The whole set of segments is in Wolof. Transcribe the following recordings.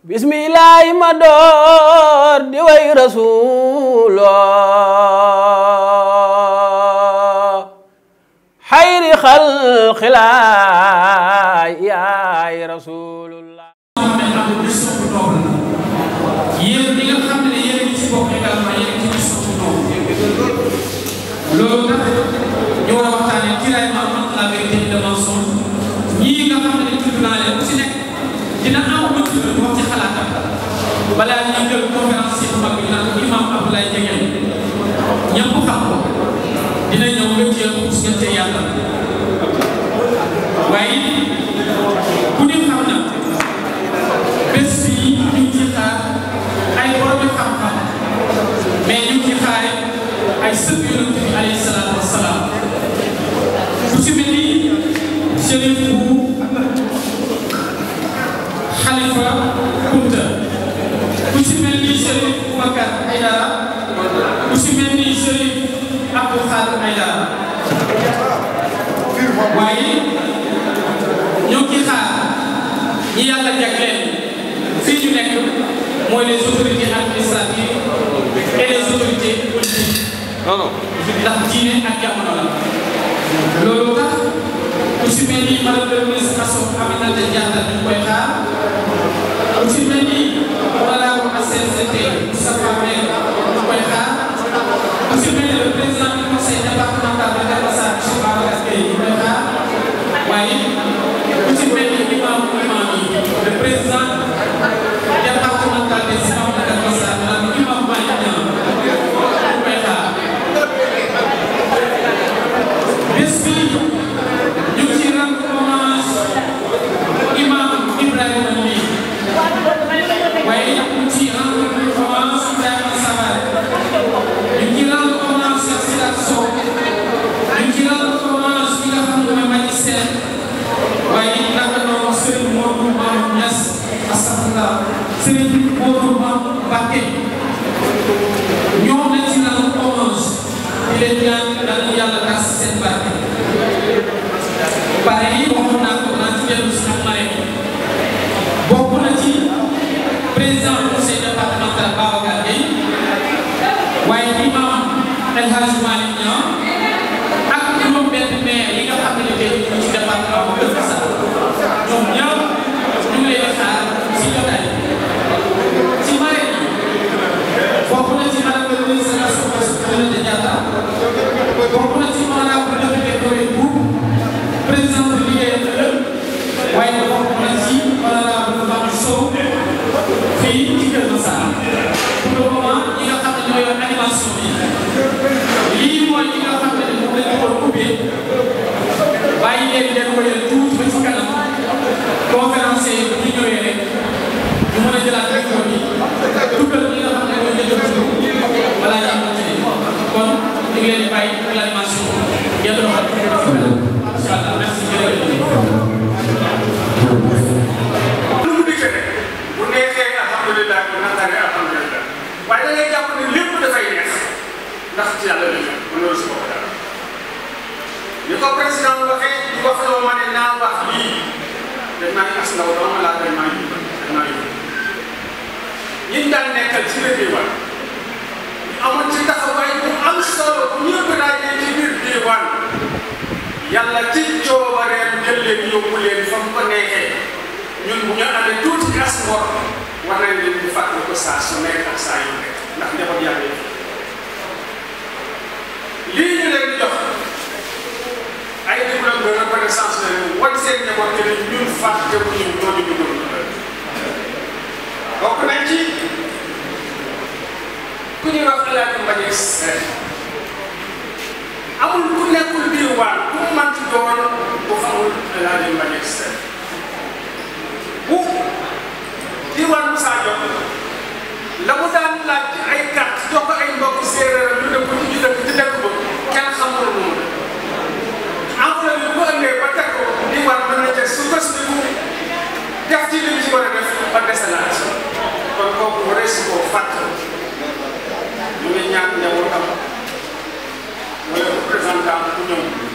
bismillahi ma di way rasulo xayri xalqilaa yonent bi alayhi salaatu wa salaam ku ci mel ni chérif bu xalifa Kunta ku ci mel ni chérif Bakar Aydara ku ci mel ni chérif Abdou Khadr Aydara waaye ñoo ngi xaar ñi yàlla jagleel fii ñu nekk mooy les autorités administratives non non. ndax diine ak jamono la. loolu tax ku si mel ni madame le ministre Assome Aminata Diatta dañ koy xaar ku si mel ni ci li ñu ci war a def ba dese laa ci kon kooku bu dee si koo fàtte ñu ngi ñaan njabootam wala représentant bu ñëw.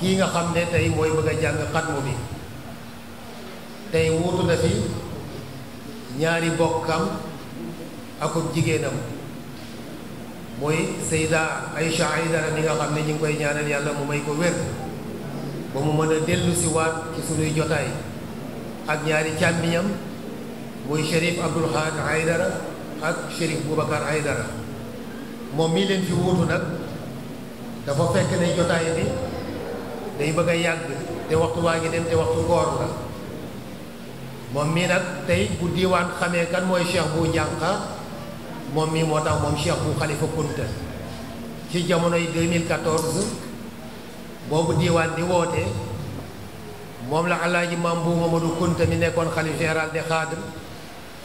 kii nga xam ne tey mooy bëgg a jàng xatmu bi tey wuutu na fi ñaari bokkam akub jigéenam mooy Seyda Aïcha Aïdara mi nga xam ne ñu ngi koy ñaanal yàlla mu may ko wér ba mu mën a dellu si waat ci sunuy jotaay ak ñaari càmmiñam muy Chérif Abdoul Khad Aïdara ak Chérif Boubacar Aïdara moom mii leen fi wuutu nag dafa fekk ne jotaay bi day bëgg a yàgg te waxtu waa ngi dem te waxtu goor la moom mii nag tey bu diiwaan xamee kan mooy cheikh bu njànqa moom mii moo tax moom cheikh bu xalifa kunta ci jamonoy 2014 boobu diiwaan di woote moom la alaaji maam bu Mamadou kunta mi nekkoon xalif général de xaadir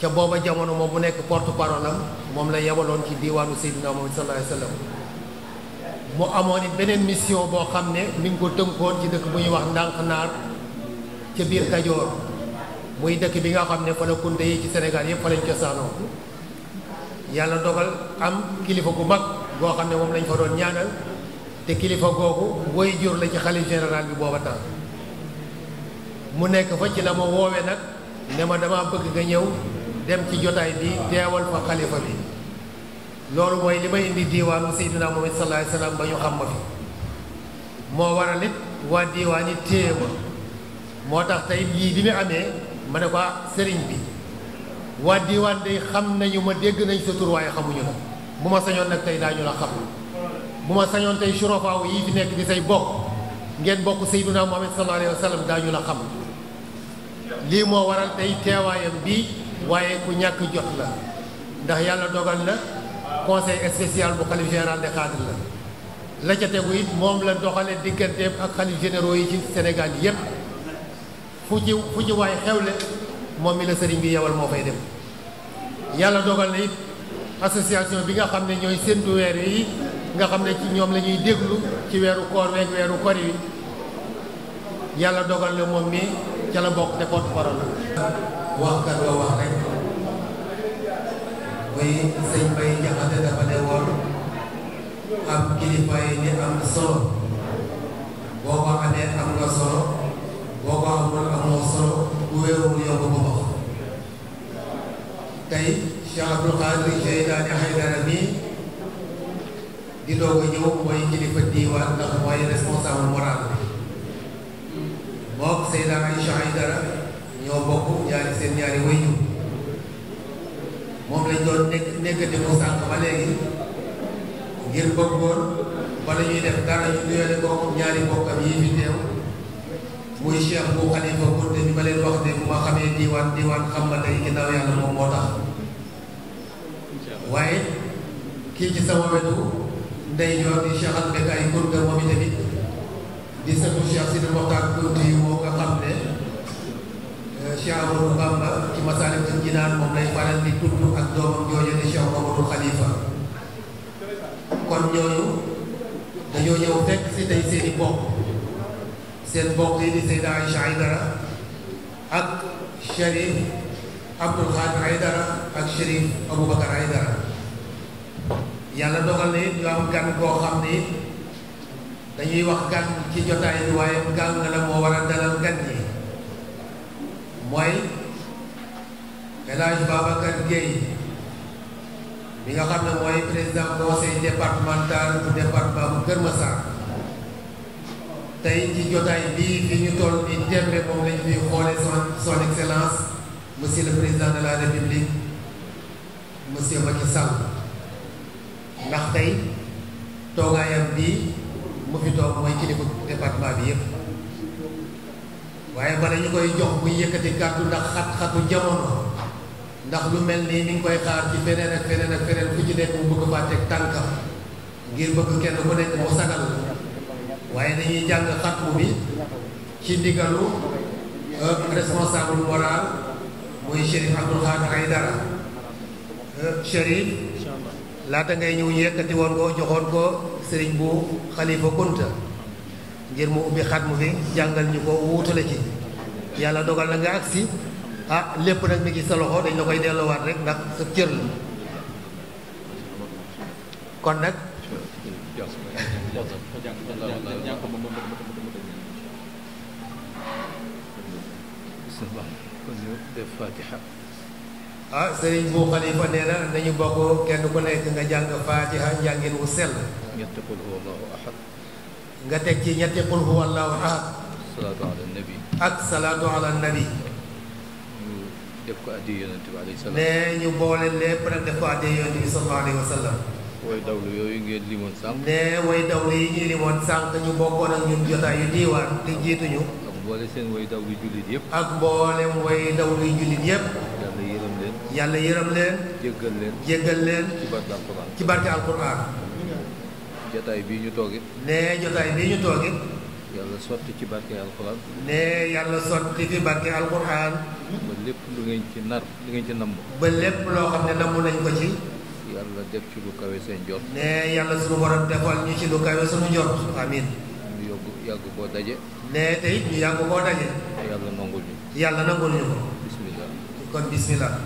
ca booba jamono moom mu nekk porte parole am moom la yebaloon ci diiwaanu Seydina Muhammad sallallahu alayhi wa mu amoon it beneen mission boo xam ne mi ngi ko tënkoon ci dëkk bu ñuy wax Ndànkanaar ca biir Kajoor muy dëkk bi nga xam ne fa la yi ci senegal yëpp fa lañ cosaanoo yàlla dogal am kilifa gu mag goo xam ne moom lañ fa doon ñaanal te kilifa googu woy jur la ci xalif général bi booba tax mu nekk fa ci la ma woowee nag ne ma dama bëgg nga ñëw dem ci jotaay bi teewal fa xalifa bi loolu mooy li may indi diiwaanu Seydina Muhammad sallallahu ba ñu xam ma fi moo waral it waa diiwaan yi téye ma moo tax tey yii bi mu amee ma ne ah, sëriñ bi waa diiwaan day xam nañu ma dégg nañ sa tur waaye xamuñu la bu ma sañoon nag tey daañu la xam bu ma sañoon tey surafaaw yi fi nekk di say bokk ngeen bokk Seydina Muhammad sallallahu alayhi wa sallam daañu la xam lii moo waral tay teewaayam bi waaye ku ñàkk jot la ndax yàlla dogal na conseil spécial bu xalif général de xaadir la la ca tegu it moom la doxale digganteem ak xalif généraux yi ci Sénégal yépp fu ci fu ci waay xewle moom mi la sëriñ bi yebal moo fay dem yàlla dogal na it association bi nga xam ne ñooy seentu weer yi nga xam ne ci ñoom la ñuy déglu ci weeru koor week weeru kori wi yàlla dogal na moom mi ca la bokk te porte-parole la waxkat wa wax rek muy sëñ Bay Jaxate dafa ne woon am kilifa ni am solo boo ko amee am nga solo boo ko amul amoo solo ku wéerul yow ba bopp tey Cheikh Abdou Khadre Jeylani Aidara mii ñoo bokk ñaari seen ñaari wayu moom lañ doon nekk nekkati mu sànq ba léegi ngir bëggoon bala ñuy def dara ñu nuyoole ko ñaari bokkam yi fi teew muy cheikh bu xalifa Kunta bi ma leen wax ne bu ma xamee diwaan diwaan xam ma tey ginnaaw yàlla moom moo tax waaye kii ci sama wetu ndey joor di cheikh al Bekaay Kunta moom itamit di sëtu cheikh Sidi Mokhtar Kunta yi moo xam ne Cheikh Amadou Bamba ci Masaalikul Jinaan moom lay faral di tudd ak doomam jooju di Cheikh Mamadou Khalifa kon ñooñu dañoo ñëw fekk si tey seen i bokk seen bokk yi di Seyda Aïcha Aïdara ak Chérif Abdoul Khadir Aïdara ak Chérif Aboubacar yàlla dogal na it ñu am gan koo xam ni dañuy wax gan ci jotaay bi waaye gan la moo war a dalal gan yi mooy El Hadj Babacar Gueye mi nga xam ne mooy président conseil départemental bu département bu Kër Massar tey ci jotaay bii fi ñu toll di tembe moom lañu fi xoolee son excellence monsieur le président de la république monsieur Macky Sall ndax tey toogaayam bii mu fi toog mooy kilifa département bi yépp waaye bala ñu koy jox muy yëkkati kàddu ndax xat-xatu jamono ndax lu mel nii ni ngi koy xaar ci feneen ak feneen ak feneen ku ci nekk mu bëgg faa teg tànkam ngir bëgg kenn ku nekk mu sagal waaye dañuy jàng xatmu bi ci ndigalu euh, responsable moral muy Chérif Abdoul Khadr Aïdara euh, Chérif laata ngay ñëw yëkkati woon ko joxoon ko sëriñ bu xalifa Kunta ngir mu ubi xatmu bi jàngal ñu ko wuutale ci yàlla dogal na nga ah lépp nag mi ngi sa loxo dañ la koy delloowaat rek ndax sa cër kon nag ah sering bu xalifa nee na bokk kenn ku nekk nga jàng fatiha wu ñett ahad nga teg ci ñetti qul huwa allahu ahad salaatu ala nabi ak salaatu ala nabi ñu def ko addi yonent bi alayhi salaam ne ñu boole lépp nag def ko addi yonent bi sallallahu alayhi wa sallam way dawlu yooyu ngeen limoon sànq way dawlu yi ñuy limoon sànq ñu bokkoon ak ñun jotaay yu diiwaan li jiituñu ak mboole seen way dawlu jullit yëpp ak mboolem way dawlu jullit yëpp yàlla yërëm leen yàlla yërëm leen jéggal leen jéggal jotaay bii ñu toogit nee jotaay bii ñu toogit yàlla sotti ci barke alxuraan nee yàlla sotti ci barke alxuraan ba lépp lu ngeen ci nar lu ngeen ci namm ba lépp loo xam ne namm nañ ko ci yàlla def ci lu kawe seen jot nee yàlla suñu borom defal ñu ci lu kawe suñu jot amin ñu yàgg koo daje nee te it ñu yàgg koo daje yàlla nangul ñu yàlla nangul ñu ko bismillah kon bismillah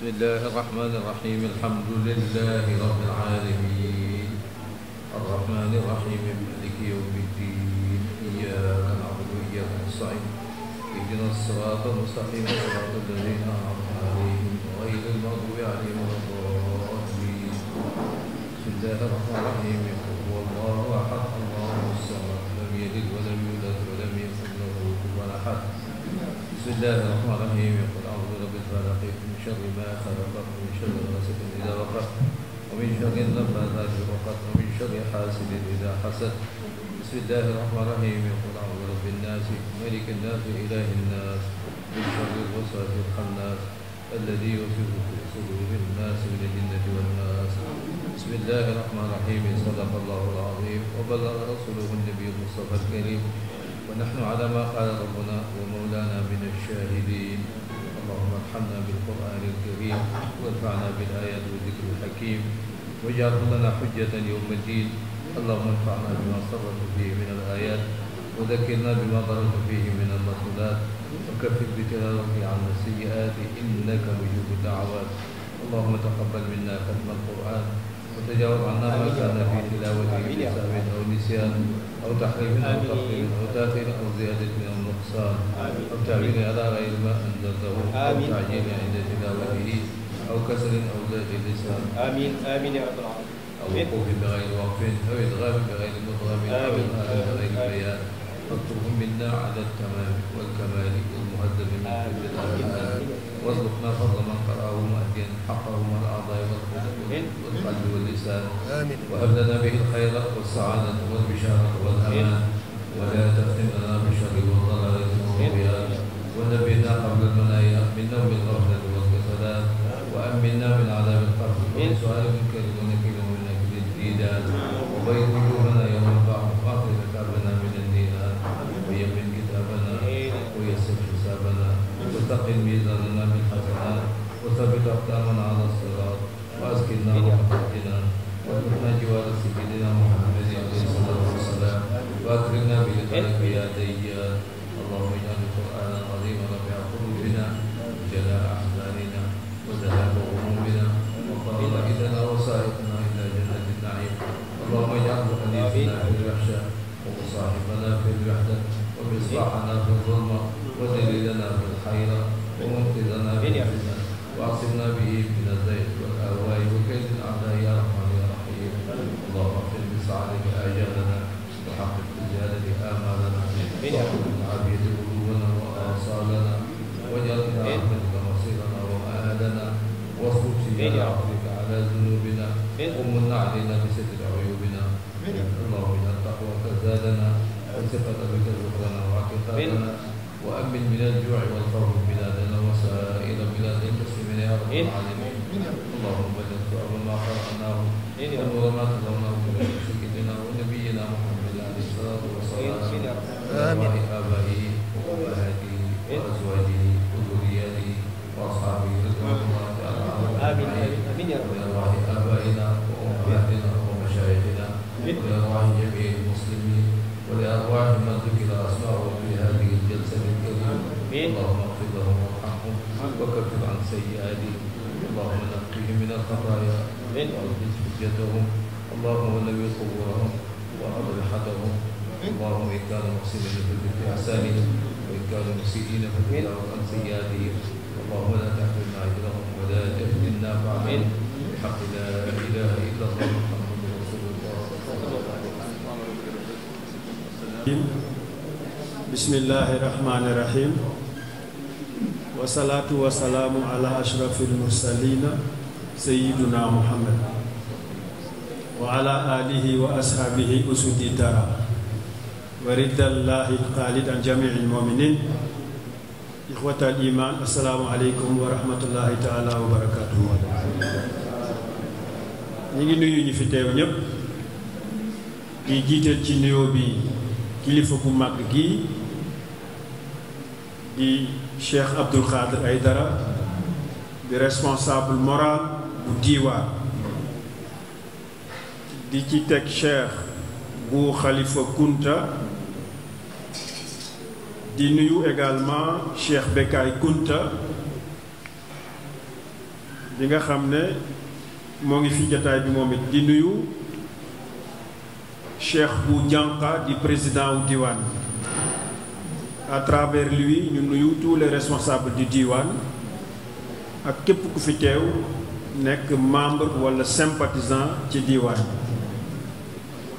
بسم الله الرحمن الرحيم الحمد لله رب العالمين الرحمن الرحيم مالك يوم الدين إياك نعبد وإياك نستعين اهدنا الصراط المستقيم صراط الذين أنعمت عليهم غير المغضوب عليهم ولا الضالين بسم الله الرحمن الرحيم هو الله أحد الله الصمد لم يلد ولم يولد ولم يكن له كفوا أحد بسم الله الرحمن الرحيم فلقيت من شر ما خلق ومن شر غاسق إذا وقف ومن شر النفاثات في العقد ومن شر حاسد إذا حسد بسم الله الرحمن الرحيم قل أعوذ برب الناس ملك الناس إله الناس من شر الوسواس الخناس الذي يوسوس في صدور الناس من الجنة والناس بسم الله الرحمن الرحيم صدق الله العظيم وبلغ رسوله النبي المصطفى الكريم ونحن على ما قال ربنا ومولانا من الشاهدين اللهم ارحمنا بالقرآن الكريم وارفعنا بالآيات والذكر الحكيم واجعله لنا حجة يوم الدين اللهم انفعنا بما صرفت فيه من الآيات وذكرنا بما ضربت فيه من المصلات وكفر بتلاوته عن السيئات إنك مجيب الدعوات اللهم تقبل منا ختم القرآن وتجاوب عنا ما كان في تلاوته بسبب أو نسيان أو تحريف أو تقليل أو تاخير أو زيادة أو نقصان أو تعبير على غير ما أنزلته أو تعجيل عند تلاوته أو كسر أو زاد لسان آمين آمين يا رب العالمين أو وقوف بغير وقف أو إدغام بغير مضغم أو إظهار بغير بيان واطلبهم منا على التمام والكمال والمهذب من كل الآلام وارزقنا فضل من قرأه مؤديا حقه من الأعضاء والقلب واللسان وهب لنا به الخير والسعادة والبشارة والأمان ولا لنا بشر والضلال والطغيان ونبينا قبل المنايا من نوم الغفلة والكسلان وأمنا من عذاب القبر وسؤال منك لدونك يوم للديدان وبيض وجوهنا وثقل ميزاننا من حسنات وثبت أقدامنا على الصراط وأسكننا برحمتنا وارزقنا جوار سيدنا محمد عليه الصلاة والسلام وأكرمنا بلقائك يا ديان اللهم اجعل القرآن بلادنا وثقة بك ذكرنا وعتقادنا وأمن من الجوع والفقر بلادنا وسائر بلاد المسلمين يا رب العالمين اللهم اجعل ما قرأناه أمر ما تظنه من سيدنا ونبينا محمد عليه الصلاة والسلام آمين سيئاتهم اللهم نقهم من الخطايا واغفر حجتهم اللهم ولي قبورهم وأرحتهم اللهم إن كانوا محسنين أحسانهم وإن كانوا مسيئين فبك عن سيئاتهم اللهم لا تحملنا أجرهم ولا تفتنا بعدهم بحق لا إله إلا الله محمد رسول الله صلى الله عليه وسلم بسم الله الرحمن الرحيم والصلاة والسلام على أشرف المرسلين سيدنا محمد وعلى آله وأصحابه أسود الدار ورد الله القالد عن جميع المؤمنين إخوة الإيمان السلام عليكم ورحمة الله تعالى وبركاته نيجي نيو ني في تيو نيب دي جيتال سي نيو بي كليفه كو di Cheikh Abdul Aydara di responsable moral bu diiwaan di ci tek Cheikh Khalifa Kunta di également Cheikh Bekai Kunta di nga xam mo ngi Cheikh président du à travers lui ñu nuyu tous les responsables du diwaan ak képp ku fi teew nekk membre wala sympathisant ci Diwan.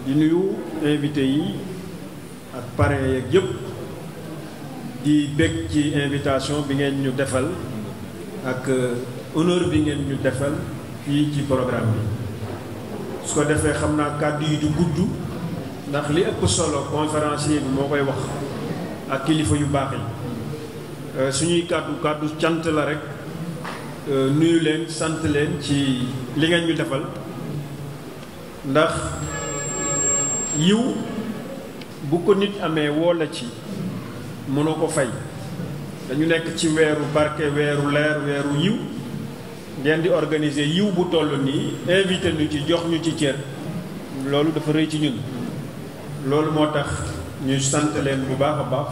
di nuyu invités yi ak parrain yeeg yëpp di bég ci invitation bi ngeen ñu défal ak euh, honneur bi ngeen ñu défal fi ci programme bi su ko défé xamna naa kàddu du gudd ndax li ëpp solo conférencier bi mo koy wax ak kilifa yu baax yi euh, suñuy kàddu kàddu cant la rek euh, nuyu leen sant leen ci li ngeen ñu defal ndax yiw bu ko nit amee woo la ci mënoo ko fay dañu nekk ci weeru barke weeru leer weeru yiw ngeen di organiser yiw bu toll nii invité ñu ci jox ñu ci cër loolu dafa rëy ci ñun loolu moo tax ñu sant leen bu baax a baax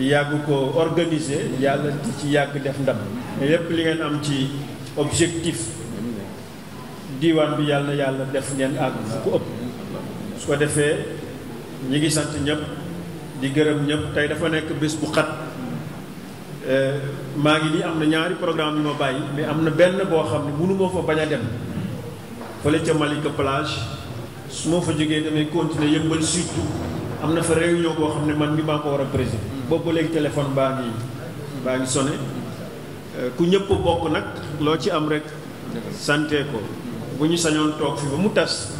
yàgg ko organiser yàlla di ci yàgg def ndam lépp li ngeen am ci objectif diiwaan bi yàlla yàlla def ngeen àgg fu ko ëpp su ko defee ñi ngi sant ñëpp di gërëm ñëpp tey dafa nekk bés bu xat eh, maa ngi nii am na ñaari programme yu ma bàyyi mais am na benn boo xam ne mënu moo fa bañ a dem fële ca Malika plage su ma fa jógee damay continuer yëmbal surtout am na fa réunion boo xam ne man mi maa ko war a présider. boobu léegi téléphone baa ngi baa ngi sonné euh, ku ñëpp bokk nag loo ci am rek. sante ko bu ñu sañoon toog fi ba mu tas.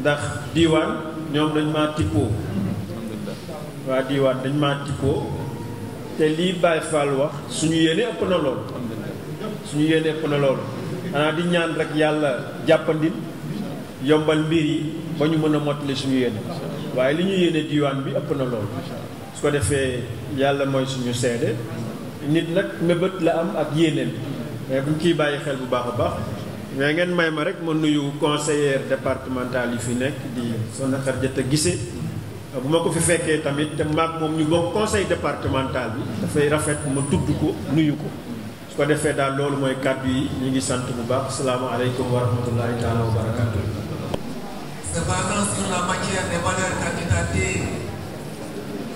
ndax diwaan ñoom dañ maa tippoo. waa diiwaan dañ maa tippoo te lii Baye Fall wax suñu yéene ëpp na lool. suñu yéene lool. xanaa di ñaan rek yàlla jàppandil yombal mbir yi ba ñu mën a mottali suñu yéene. waaye li ñu yéene diwaan bi ëpp na loolu su ko defee yàlla mooy suñu seede nit nag mébét la am ak yéeneen mais buñ ciy bàyyi xel bu baax a baax mais ngeen may ma rek ma nuyu conseiller départemental yi fi nekk di sona xarjata gise bu ma fi fekkee tamit te maag moom ñu bokk conseil départemental bi dafay rafet ma tudd ko nuyu ko su ko defee daal loolu mooy kàddu yi ñu ngi sant bu baax asalaamaaleykum wa rahmatullahi taala wa barakatuh c'est pas dans la matière des valeurs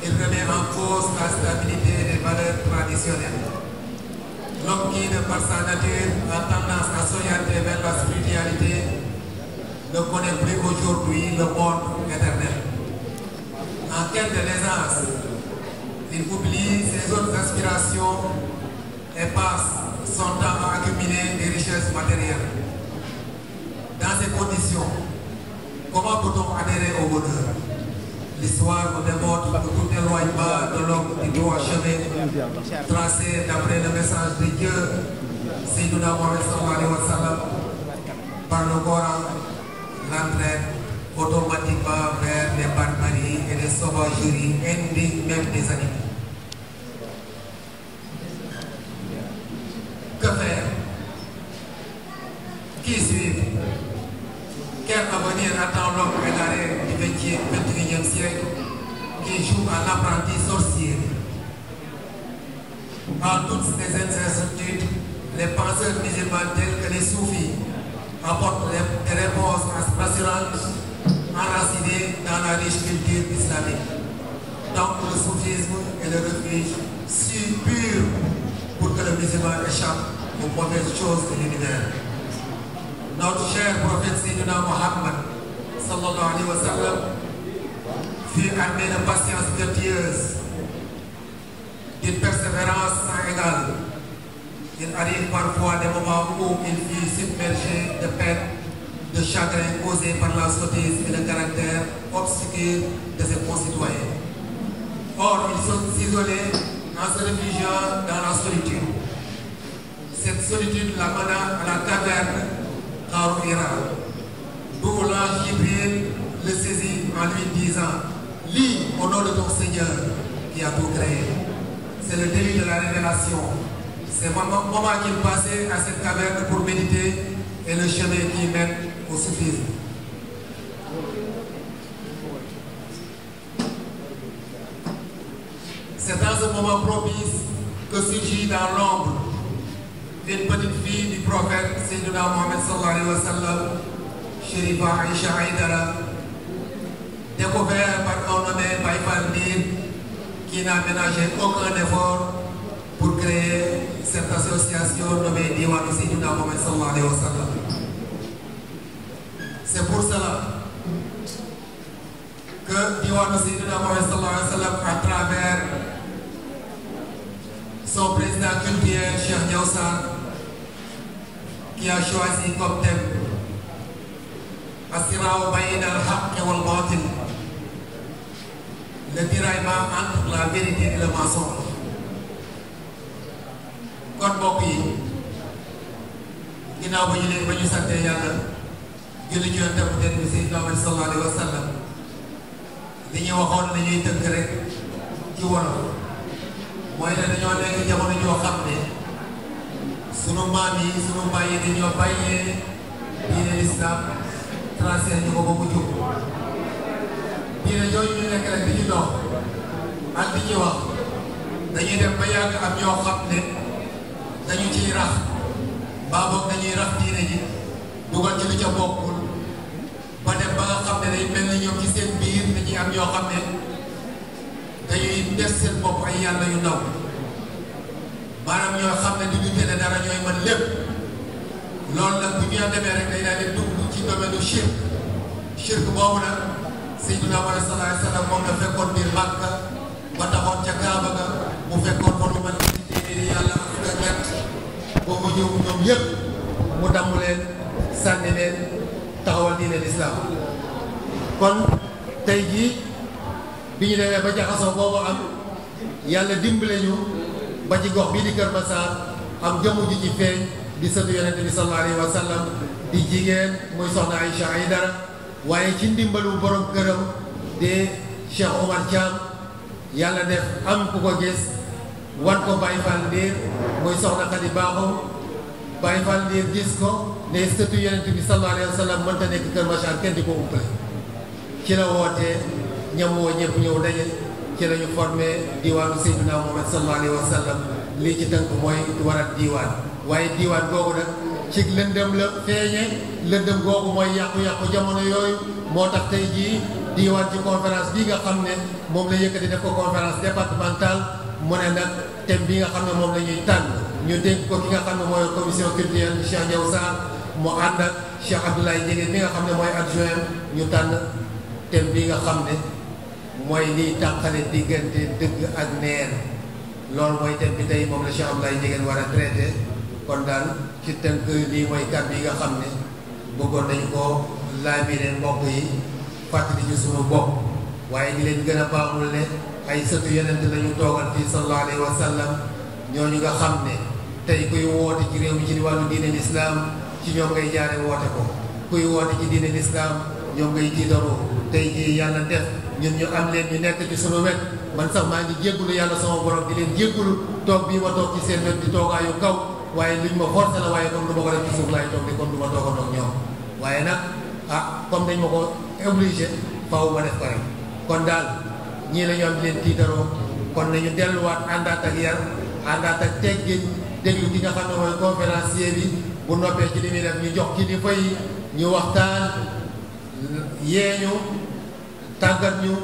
il remet en cause la stabilité des valeurs traditionnelles. L'homme qui, de par sa nature, a tendance à s'orienter vers la spiritualité, ne connaît plus aujourd'hui le monde éternel. En quête de l'aisance, il oublie ses autres aspirations et passe son temps à accumuler des richesses matérielles. Dans ces conditions, comment peut-on adhérer au bonheur l'histoire nous déborde de tout pas de l'homme du droit chemin, tracé d'après le message de Dieu, si nous n'avons au salam, par le Coran, l'entraîne automatiquement vers les barbaries et les sauvageries indignes même des animaux. Que faire Qui suivre Quel avenir attend l'homme et l'arrêt du 20 qui joue à l'apprenti sorcier. Par toutes ces incertitudes, les penseurs musulmans tels que les soufis apportent des réponses rassurantes enracinées dans la riche culture islamique. Donc le soufisme est le refuge si pur pour que le musulman échappe aux mauvaises choses éliminaires. Notre cher prophète Sidina Muhammad sallallahu alayhi wa sallam fut armé de patience une d'une persévérance sans égale. Il arrive parfois des moments où il fut submergé de peine, de chagrin causé par la sottise et le caractère obscur de ses concitoyens. Or, ils sont isolés en se réfugiant dans la solitude. Cette solitude l'amena à la caverne car D'où l'ange Jibril le saisit en lui disant Lis au nom de ton Seigneur qui a tout créé. C'est le délit de la révélation. C'est le moment qu'il passait à cette caverne pour méditer et le chemin qui mène au suffisant. C'est dans ce moment propice que surgit dans l'ombre une petite fille du prophète Sayyidina Mohamed sallallahu alayhi wa sallam, Sherifa Aïcha Aïdara, découvert par un nommé Baïfal qui n'a ménagé aucun effort pour créer cette association nommée Diwan Sidina Mohamed Sallallahu C'est pour cela que Diwan Sidina Mohamed Sallallahu à travers son président culturel, Cheikh Nyausa, qui a choisi comme thème الصراع بين الحق والباطل le tiraillement entre la vérité et le mensonge kon mbokk yi ginnaaw ba ñu leen ba ñu santee yàlla julli ci yonent bu tedd bi Seydina Muhammad sallallahu alayhi la ñuy tënk rek ci wolof mooy xam ne sunu maam yi sunu bàyyi dañoo bàyyee diine lislaam transfert ñu ko ba mu jub diine jooju ñu nekk rek di ci dox ak di ci wax dañuy dem ba yàgg am ñoo xam ne dañu ciy rax baa dañuy rax seen bopp ay yàlla yu ndaw maanaam ñoo xam ne du ñu dara ñooy mën lépp loolu nag bu ñu demee rek day daal di dugg. domaine du shirk shirk boobu nag Seydina Muhammad sallallahu alayhi wa sallam moom la fekkoon biir Màkka ba taxoon ca Kaaba ga mu fekkoon fa lu mel ni téeméeri yàlla ak fukk ak ñett boobu ñëw ñoom yëpp mu damm leen sànni leen taxawal diine lislaam kon tey jii bi ñu demee ba jaxasoo boobu am yàlla dimbale ñu ba ci gox bii di Kër Massar am jëmu ji ci feeñ di sëtu yonente bi sallallahu alayhi wa sallam di jigéen muy soxna Aïcha dara waaye ci ndimbalu borom këram di Cheikh Omar Thiam yàlla def am ku ko gis wan ko Baye Fall Ndiir muy soxna Khady Baaxum Baye Fall gis ko ne sëtu yonent bi sallallahu alayhi wa sallam mënta nekk Kër Machar kenn di ko umpale ci la wootee ñam woo ñëpp ñëw daje ci la ñu formé diwaanu Seydina Muhammad sallallahu alayhi wa lii ci tënk mooy war diwaan waaye diwaan googu nag ci lëndëm la feeñe lëndëm googu mooy yàqu-yàqu jamono yooyu moo tax tey jii diwaan ci conférence bii nga xam ne moom la yëkkati def ko conférence départementale mu ne nag thème bi nga xam ne moom lañuy ñuy tànn ñu dégg ko ki nga xam ne mooy commission culturelle Cheikh Ndiaw Sarr mu ànd ak Cheikh Abdoulaye Ndiéguène bi nga xam ne mooy adjoint ñu tànn thème bii nga xam ne mooy liy tàqale diggante dëgg ak neen loolu mooy thème bi tey moom la Cheikh Abdoulaye war a traité ci tënk lii mooy kàddu yi nga xam ne bëggoon nañu ko laamine mbokk yi fàttali ñu suñu bopp waaye ñi leen gën a baaxul ne ay sëtu yonent lañu toogal fii sallallahu alayhi wa sallam ñooñu nga xam ne tey kuy woote ci réew mi ci wàllu diine lislaam ci ñoom ngay jaare woote ko kuy woote ci diine lislaam ñoom ngay jiitaroo tey jii yàlla def ñun ñu am leen ñu nekk ci suñu wet man sax maa ngi jéggulu yàlla sama borom di leen jéggulu toog bii ma toog ci seen wet di toogaayu kaw waaye luñ ma forcé la waaye comme du ko def ci laay toog di comme du ma toog a ñoom waaye nag ah comme dañ ma ko obligé faaw ma def ko rek kon daal ñii la ñu am di leen tiitaroo kon nañu delluwaat àndaat ak yar àndaat ak teggin déglu ki nga xam ne mooy conférencier bi bu noppee ci li muy def ñu jox ki di fay ñu waxtaan yee ñu tàggat ñu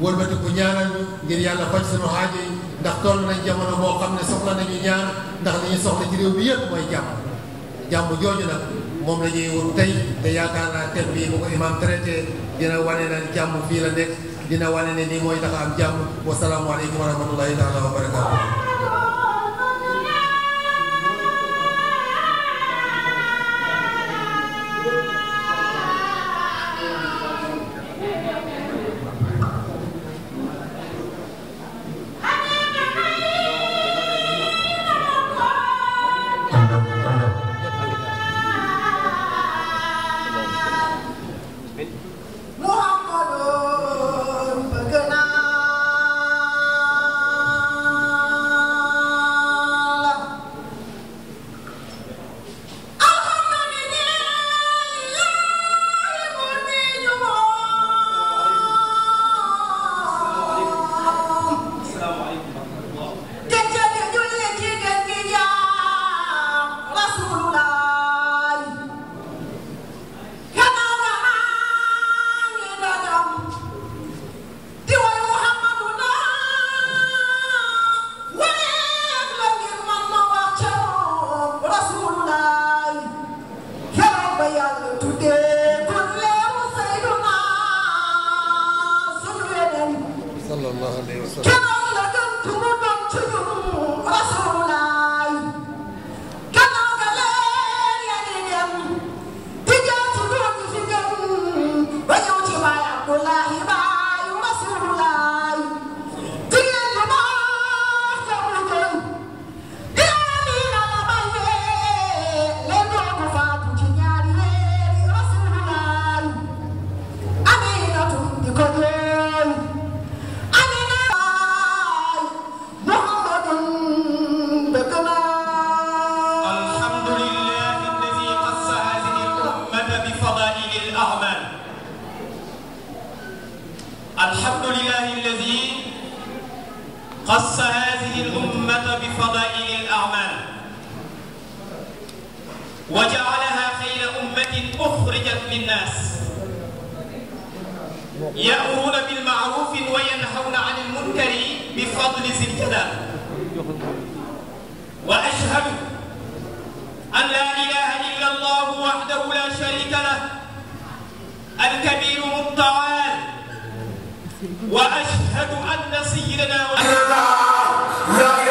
wëlbati ku ñaanal ñu ngir yàlla faj sunu aajo ndax toll nañ jamono boo xam ne soxla nañu ñaan ndax li ñu soxla ci réew mi yëpp mooy jàmm jàmm jooju nag moom la ñuy wut tey te yaakaar naa thème bii bu ko imaam traité dina wane na jàmm fii la nekk dina wane ne nii mooy tax am jàmm wasalaamualeykum wa rahmatullahi taala wa barakaatu sallallahu alaihi wasallam للناس يأمرون بالمعروف وينهون عن المنكر بفضل ذي الجلال وأشهد أن لا إله إلا الله وحده لا شريك له الكبير الطعال وأشهد أن سيدنا وحده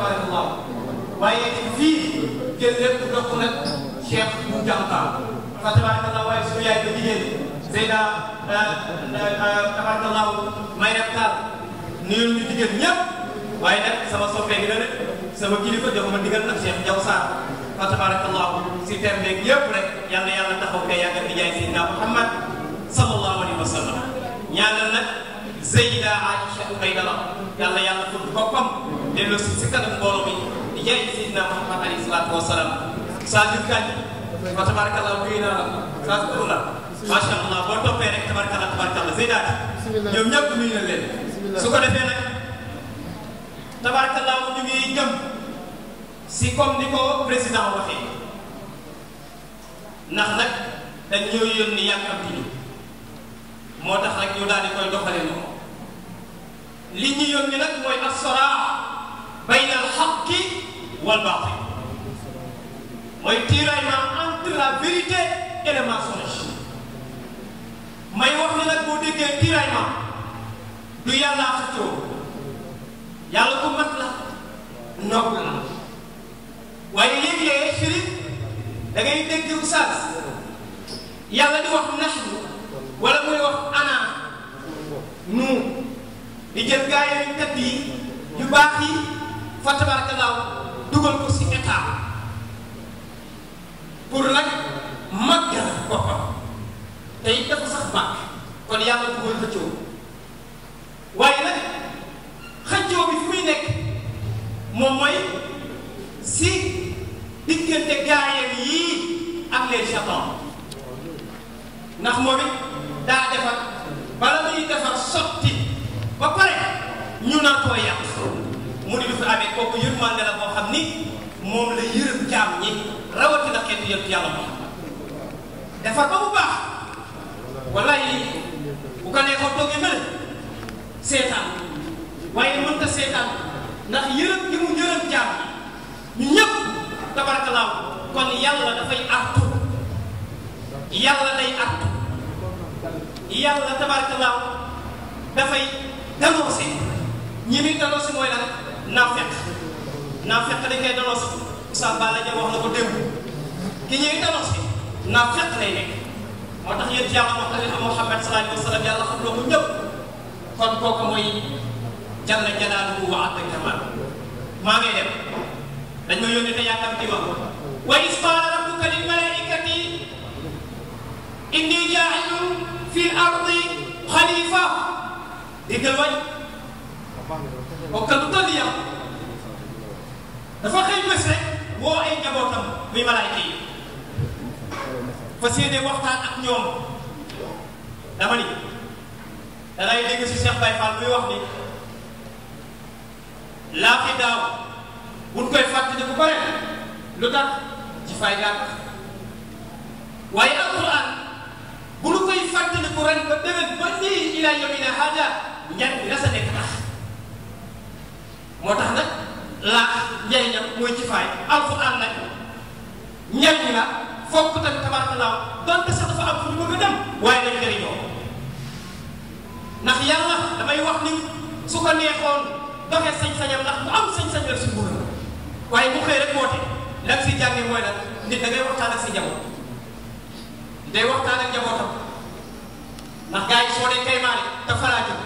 tabarakallah waaye fii jël lépp dokk nag Cheikh bu Jaxata fa tabarakallah waaye suñu yaay ba jigéen Seyda ah, ah, tabarakallah may nag taal nuyul ñu jigéen ñëpp waaye nag sama soppee gi la rek sama kilifa jox ma digal nag Cheikh Jaw Sarr fa tabarakallah si terme beeg yëpp rek yàlla yàlla taxaw kay yàggal di jaay Seydina Muhammad sallallahu alayhi wa sallam ñaanal nag Sayida Aïcha Ubaydala yàlla yàlla fëgg boppam delloo si si kanam mbooloo mi di jaay Seydina Muhammad alayhi salaatu wa salaam saa jur kañ fa tabarakallah nuyu naa la saa tur la macha allah boo toppee rek tabarakallah tabarakallah Sayida ñoom ñëpp nuyu na leen su ko defee nag tabarakallah ñu ngi jëm si comme ni ko président waxee ndax nag dañ ñoo yónni yàkkamti ñu moo tax rek ñu daal di koy doxalee noonu li ñu yónni nag mooy assaraa bayna al xaqi wal baatil mooy tiraillement entre la vérité et le mensonge may wax ne nag boo déggee tiraillement du yàllaa xëccoo yàlla ku mat la nopp la waaye léeg-léeg Chérif da ngay dégg oustaz yàlla di wax naxnu wala muy wax ana nu di jël gaa yooyu tëdd yi yu baax yi fa tabarakallaahu dugal ko si état pour nag màggal mooy si diggante gaayam daa defar bala muy defar sotti ba pare ñu nar koo yàq mu ni bi fi amee kooku yërmande la boo xam ni moom la yërëm jaam ñi rawatina xeetu yëpp yàlla moom defar ba bu baax wallaay bu ko neexoon toogee mel seetaan waaye mënta seetaan ndax yërëm gi mu yërëm jaam ñi ñu ñëpp kon yàlla dafay artu yàlla day artu yàlla tabarakallaahu dafay lan moo ko si ñi muy daloo si mooy lan naafeq naafeq dañ koy daloo si Moussa Bala Dia wax na ko démb ki ñuy daloo si naafeq lay nekk moo tax yéen yàlla wax na leen sallallahu alayhi wa sallam xam loo ko ñëpp kon kooku mooy jalla jalaaluhu wa kamal ngay dem dañ ma te di wax wa rabbuka lil malaikati inni ardi déggal waay okkal bu toll yam dafa xëy bés rek woo ay muy malaayka yi fas yéene waxtaan ak ñoom dama ni dangay dégg si Cheikh Baye Fall muy laa fi daaw buñ koy fàttali bu bare lu tax ci gaa tax waaye alquran bu nu koy fàttali bu ren ba déwén ba nii ilaa yomina haada njariñ la sa nekk tax moo tax nag laax njariñ la fokk tamit tabarakallah donte sax dafa am fu ñu bëgg a dem waaye dañ jariñoo ndax yàlla damay wax ni su ko neexoon doxee sañ-sañam ndax bu am sañ-sañ rek si mbuuram waaye bu xëy rek woote lam si jànge mooy lan nit da waxtaan ak si njaboot day waxtaan ak njabootam ndax gars yi soo dee kaymaale te faraajam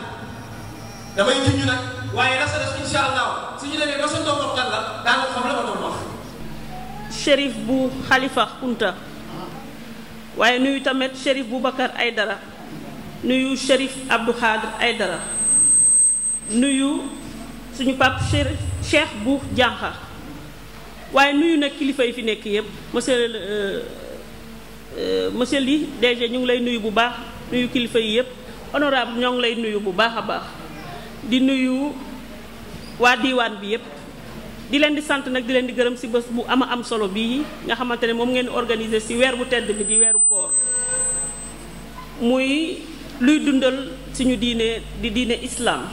damay junj nag waaye la sa des allah su ñu ba sa doom waxtaan la daanaka xam la ma doon wax. shérif bu xalifa Kunta waaye nuyu tamit bu shérif ay dara nuyu shérif Abdou Khadr Aydara nuyu suñu pap shérif cheikh bu jànqa waaye nuyu nag kilifa yi fi nekk yëpp monsieur euh, euh, monsieur li ñu ngi lay nuyu bu baax nuyu kilifa yi yëpp honorable ñoo ngi lay nuyu bu baax a baax. di nuyu waa diiwaan bi yépp di leen di sant di leen di si bés bu ama am solo bii nga xamante ne moom ngeen organiser si weer bu tedd bi di weeru koor muy luy dundal suñu di diine islam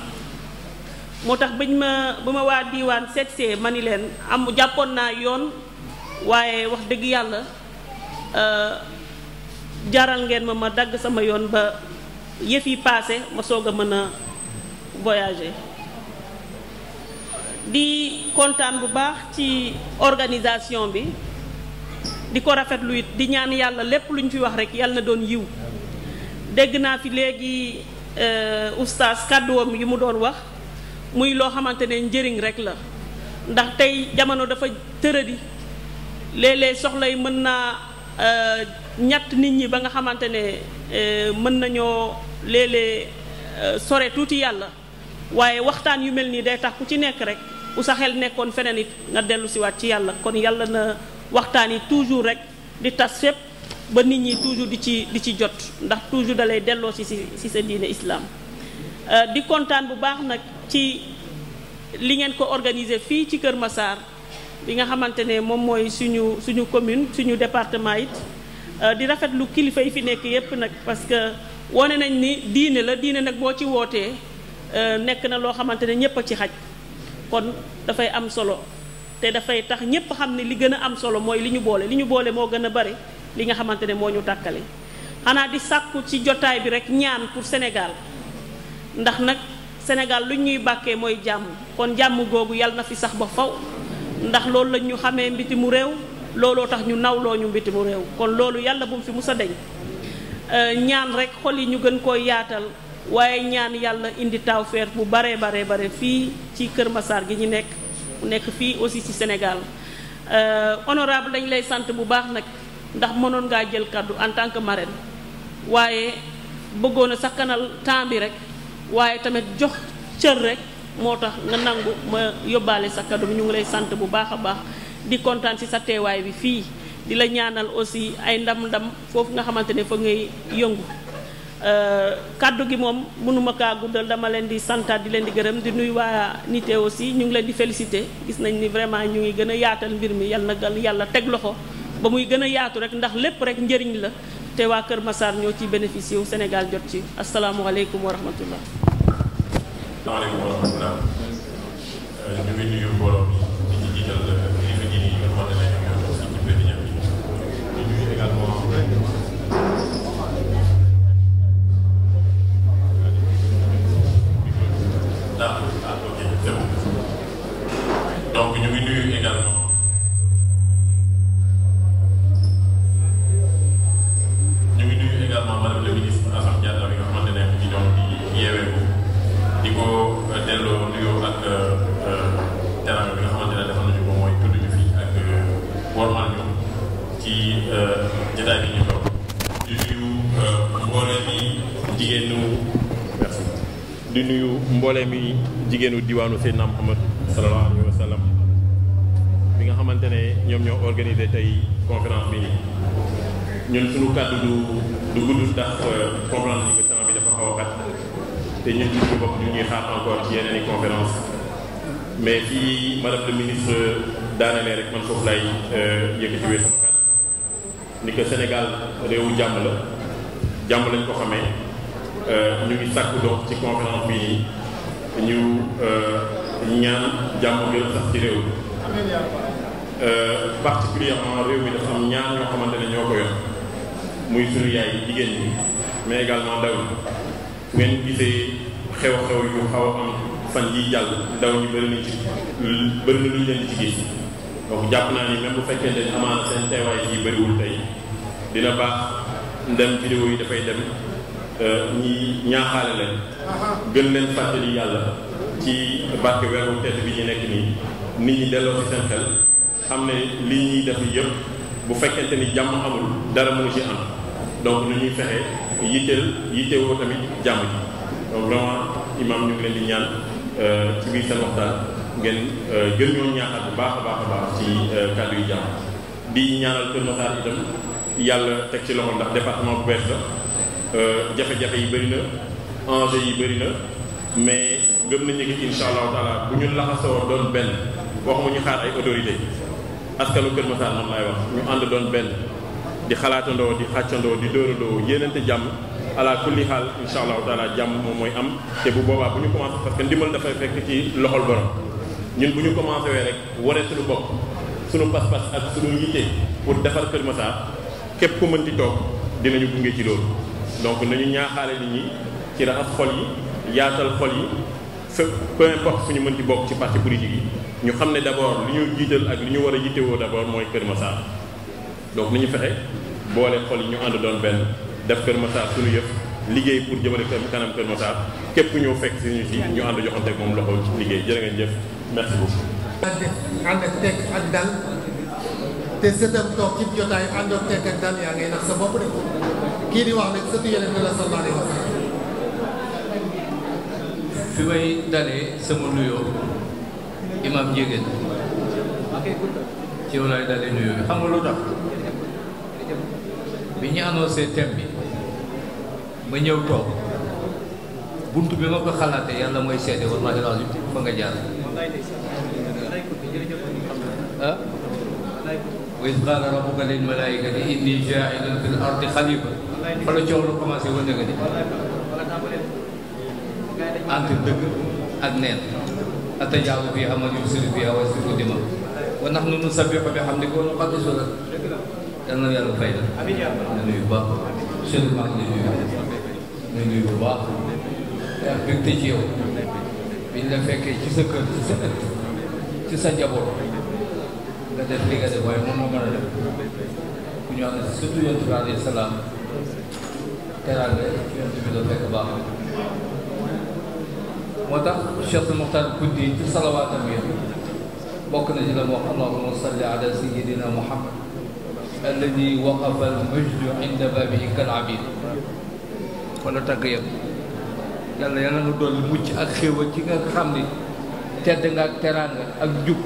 moo tax bañ ma ba wa diwan diiwaan manilen ma ni leen am jàppoon naa yoon waaye wax dëgg yàlla euh, jaral ngeen ma ma sama yoon ba yefi yi paase ma soog voyager di kontaan bu baax ci organisation bi di ko rafetlu it di ñaan yalla lepp luñ fi wax rek yalla na doon yiw degg na fi euh oustaz kàdduwam yi mu doon wax muy lo xamantene ne njëriñ rek la ndax tay jamono dafa teureudi lélé soxlay soxla yi mën naa euh, nit ñi ba nga xamantene euh mën nañoo lélé léeg euh, sore tuuti yalla waaye waxtaan yu mel nii day tax ku ci nekk rek ku sa xel nekkoon feneen it nga dellu siwaat ci yàlla kon yàlla na waxtaan yi toujours rek di tas fépp ba nit ñi toujours di ci di ci jot ndax toujours da delloo si si si sa diine islaam euh, di kontaan bu baax nag ci li ngeen ko organiser fii ci Kër masaar bi nga xamante ne moom mooy suñu suñu commune suñu département it euh, di rafetlu kilifa yi fi nekk yépp nag parce que wane nañ ni diine la diine nag boo ci wootee Euh, nekk na loo xamante ne ñëpp a ci xaj kon dafay am solo te dafay tax ñëpp xam ne li gën a am solo mooy li ñu boole li ñu boole moo gën a bari li nga xamante ne moo ñu tàkkale xanaa di sàkku ci jotaay bi rek ñaan pour Sénégal ndax nag Sénégal lu ñuy bàkkee mooy jàmm kon jàmm googu yàlla na fi sax ba faw ndax loolu lañ ñu xamee mbiti mu réew looloo tax ñu nawloo ñu mbiti mu réew kon loolu yàlla bu fi musa deñ euh, ñaan rek xol ñu gën koo yaatal waaye ñaan yàlla indi tawfeex bu baree baree bare fii ci Kër masaar gi ñu nekk nekk fii aussi ci Sénégal euh, honorable dañ lay sant bu baax nag ndax mënoon ngaa jël kàddu en tant que marraine waaye bëggoon a sakkanal temps bi rek waaye tamit jox cër rek moo tax nga nangu ma yóbbaale sa kàddu bi ñu ngi lay sant bu baax a baax di kontaan ci sa teewaay bi fii di la ñaanal aussi ay ndam-ndam foofu nga xamante ne fa ngay yëngu Euh, kàddu gi moom mënuma kaa guddal dama leen di santaat di leen di gërëm di nuyu waa nité aussi ñu ngi leen di félicité gis nañ ni vraiment ñu ngi gën a yaatal mbir mi yal na yàlla teg loxo ba muy gën a yaatu rek ndax lépp rek njëriñ la te waa Kër masaar ñoo ci bénéficié wu Sénégal jot ci asalaamualeykum wa rahmatullah. waaleykum jigéenu merci di nuyu mboole mi jigéenu diwaanu Seydina Muhammad sallallahu alayhi wa bi nga xamante ne ñoom ñoo organisé tey conférence bi ñun suñu kàddu du du gudd ndax euh, conférence bi temps dafa xaw a xat te ñun suñu bopp ñu ngi xaar encore ci yeneen i conférence mais fii madame le ministre daanelee rek man foofu lay euh, yëkkatiwee sama kàddu ni que Sénégal réewu jàmm la jàmm lañ ko xamee Euh, ñu ngi sàkku donc ci conférence bi euh, ñu ñaan jàmm gën a sax ci réew mi euh, particulièrement dafa am ñaar ñoo xamante ne ñoo ko yor muy suñu yaay yi jigéen ñi mais également ndaw ñi ngeen gisee xew-xew yu xaw a am fan yi jàll ndaw ñi bëri nañ ci bëri na luñ leen ci gis donc jàpp naa ni même bu fekkee ne amaana seen teewaay yi bëriwul tey dina baax ndem vidéo yi dafay dem Euh, ñi ñaaxaale leen gën leen fàttali yàlla ci barke weeru tedd bi ñu nekk nii nit ñi delloo ci seen xel xam ne li ñuy def yëpp bu fekkente ni jàmm amul dara mënu ci am donc lu ñuy fexe yitteel yittewoo tamit jàmm ji donc vraiment imam ñu ngi leen di ñaan euh, ci biir seen waxtaan ngeen euh, gën ñoo ñaaxaat bu baax a baax a baax ci kàddu yu jàmm di ñaanal Kër Massar itam yàlla teg ci loxo ndax département bu bees Euh, jafe-jafe yi bëri na enjeux yi bëri na mais gëm nañu ni incha allahu taala bu ñu laxasoo doon benn waxuma ñu xaar ay autorité askanu Kër Massar moom laay wax ñu ànd doon benn di xalaatandoo di xàccandoo di dóorandoo yéenante jàmm ala kulli xaal incha allahu taala jàmm moom mooy am te bu boobaa bu ñu commencé parce que ndimbal dafay fekk ci loxol borom ñun bu ñu commencé wee rek waree suñu bopp suñu pas-pas ak suñu yitte pour defar Kër Massar képp ku mënti toog dinañu gunge ci loolu donc nañu ñaaxaale nit ñi ci raxas xol yi yaatal xol yi fépp peu importe fu ñu mën di bokk ci parti politique yi ñu xam ne d' abord li ñu jiital ak li ñu war a yittewoo d' abord mooy Kër Massar donc nañu fexe boole xol yi ñu ànd doon benn def Kër Massar suñu yëf liggéey pour jëmale kanam Kër Massar képp ku ñëw fekk si ñu si ñu ànd joxante moom loxo ci liggéey jërë ngeen jëf merci beaucoup. ànd ak teg ak dal te seetam toog ci jotaay ànd ak teg ak dal yaa ngay nax sa bopp de. kii di wax nag sëtu yeneen bi la sallallahu alayhi wa may dalee sama nuyoo imam Ndiéguène ci yow dalee nuyoo bi xam nga lu tax bi ñu annoncé thème bi ma ñëw toog bunt bi ma ko xalaatee yàlla mooy seede wallahi lazim fa nga jaar ah wa iz qaala rabbuka lil malaa'ikati inni jaa'ilun fil ardi xalifa fa la coow lu commencé ba nga ni entre dëgg ak neen atajaalu fii amal yu sëri fii awa siko dima wa nax nu nu sabbi ko bi xam ne ko nu xaddi soo la yal na yàlla fay la na nuyu baax sëri maa ngi nuyu na nuyu bu baax yaa bégte ci yow biñ la fekkee ci sa kër ci sa ëtt ci sa njaboot nga def li nga def waaye moom moo mën a def ku ñu am surtout yontu bi alayhi salaam teraange ci yonent bi la fekk baax moo tax Cheikh Muxtaar guddi ci salawaatam yi bokk na ci la mu wax allahuma salli ala sayidina muhammad alladi waqafa almajdu inda baabihi kal abid wala tàgg yëpp ak xéewal ci nga xam ni tedd nga ak teraanga ak jub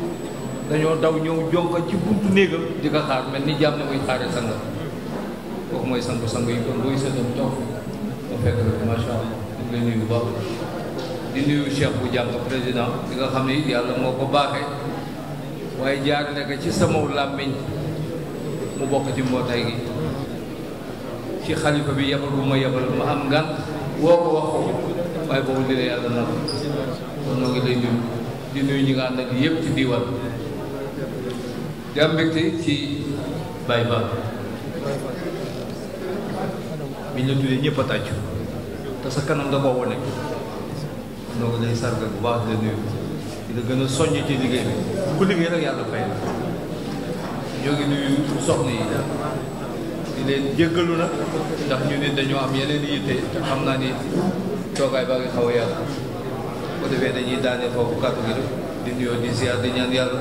dañoo daw ñëw jonka ci buntu néegam di ko xaar mel ni jàmm ne muy xaare sanga kooku mooy sangu-sangu yi kon buy seetoon toog ba fekk macha allah ñu nuyu bu di nuyu Cheikh bu jàmm président bi xam ne yàlla moo ko baaxee waaye jaar na ci sama làmmiñ mu bokk ci mbootaay gi ci xalifa bi yebal bu ma yebal ma am ngan woo ko wax waaye boobu li yàlla na kon noo ngi lay nuyu di nuyu ñi nga ànd ak yëpp ci diiwaan di am mbégte ci Baye Ba biñ la tuddee ñëpp a tàccu te sa kanam da koo wane donc day sargal bu baax di la nuyu di la gën a soññ ci liggéey bi ku liggéey rek yàlla fay la ñoo ngi nuyu soxna yi di leen jéggalu nag ndax ñu ne dañoo am yeneen yitte te xam naa ni toogaay baa ngi xaw a yàlla ko defee dañuy daaneel foofu kàddu gi rek di nuyoo di ziar di ñaan yàlla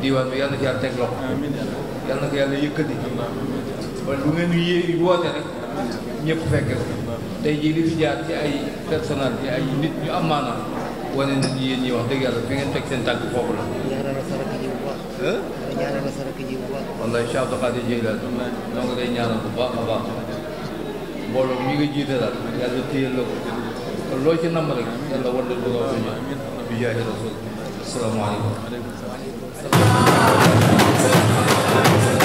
diwaan bi yàlla na ci yàlla teg loxo yàlla na yàlla yëkkati ba lu ngeen yee woote rek. ñëpp fekke ko tey jii li jaar ci ay personnalité ay nit ñu am wane na ni yéen ñi wax dëgg yàlla fi ngeen teg seen tànk foofu la. ñaanal la saraka ji bu baax. ñaanal la saraka ji bu baax. wallaay Cheikh Abdou Khadir Jeylani ñoo ngi lay ñaanal bu baax a baax mbooloo mi nga jiite daal yàlla téyel la ko loo ci namm rek yàlla war na dugal ko ñoom bi jaay rasul asalaamaaleykum.